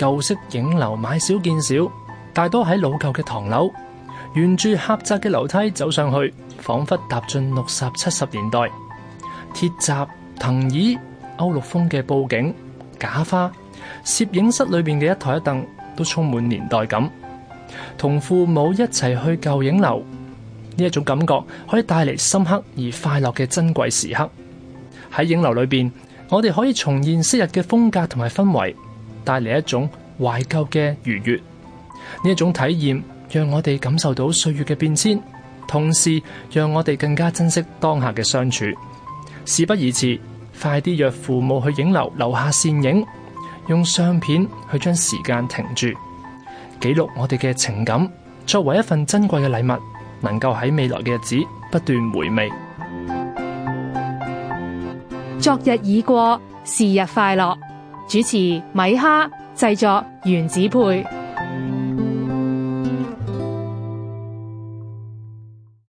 舊式影樓買少見少，大多喺老舊嘅唐樓，沿住狹窄嘅樓梯走上去，仿佛踏進六十七十年代。鐵閘、藤椅、歐陸風嘅布景、假花，攝影室裏邊嘅一枱一凳都充滿年代感。同父母一齊去舊影樓，呢一種感覺可以帶嚟深刻而快樂嘅珍貴時刻。喺影樓裏邊，我哋可以重現昔日嘅風格同埋氛圍，帶嚟一種。懷舊嘅愉悦，呢一種體驗讓我哋感受到歲月嘅變遷，同時讓我哋更加珍惜當下嘅相處。事不宜遲，快啲約父母去影樓留下倩影，用相片去將時間停住，記錄我哋嘅情感，作為一份珍貴嘅禮物，能夠喺未來嘅日子不斷回味。昨日已過，是日快樂。主持米哈。製作原子配。